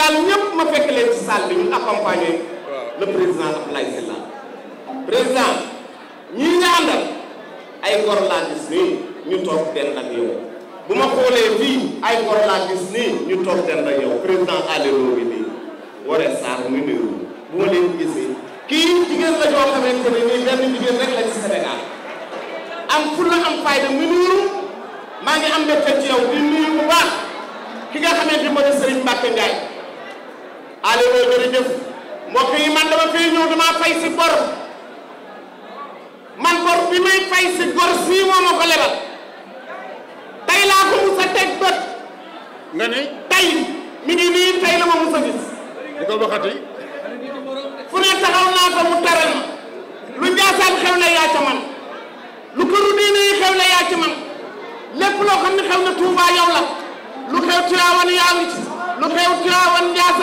Sénégal ñëpp ma fekk leen ci salle bi ñu accompagner le président Abdoulaye Sylla président ñii nga àndal ay gor laa gis nii ñu toog dend ak yow bu ma xoolee fii ay gor laa gis nii ñu toog dend ak yow président Aliou bi nii Woré Sarr mu nuyu bu ma leen gisee kii jigéen la ñoo xamante ne nii benn jigéen rek la ci Sénégal am fulla am fayda mu nuyu maa ngi am mbégte ci di nuyu bu baax ki nga xamante ne mooy Serigne Mbacke Ndiaye Aliou Lo jërëjëf mbokk yi man dama fee ñëw dama fay si man bor may fay gor sii moo ma ko lebal tey ko mus a teg bët nga ne tey mi ngi nii tey la ma mus a gis di ko waxati fu ne taxaw naa fa mu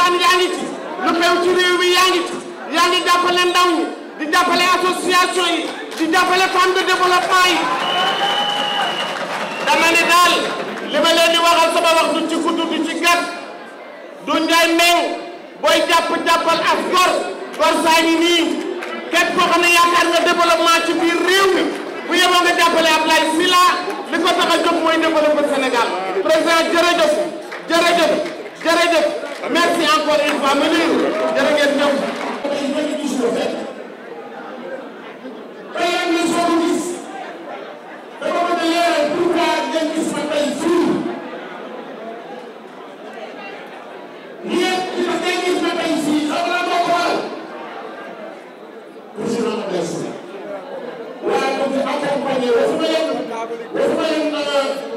Njaasaan yaa ngi ci lu xew ci réew mi yaa ngi ci yaa ngi jàppale ndaw ñi di jàppale association yi di jàppale femme de développement yi dama ne daal li ma leen di waxal sama wax du ci ci gàtt du njaay meew booy jàpp jàppal ak gor gor saa ngi nii képp koo xam ne yaakaar nga développement ci biir réew mi bu li ko tax a jóg mooy développer Sénégal président jërëjëf jërëjëf jërëjëf encore une fois ma nuyu jërë ngeen ñëw What's my name? What's my name?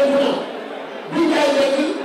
président bi jaay lekk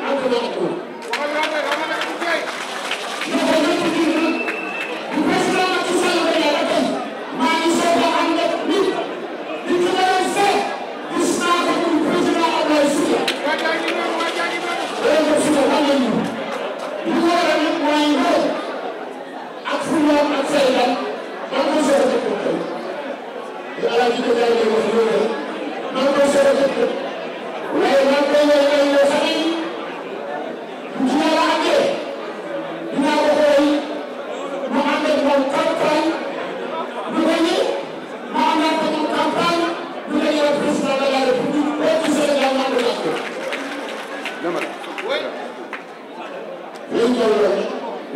way jawwani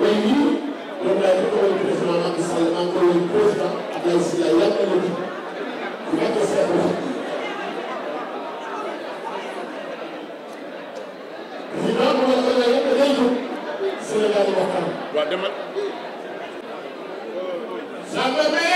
way yii ɗum ɗa fof woni président Macky Sall an ko woni président Abdoulaye Sylla yalɗanoɗi ko watta seeɗa fuɗɗi président ko walla ala yimɓe leydu sénégal wattama wa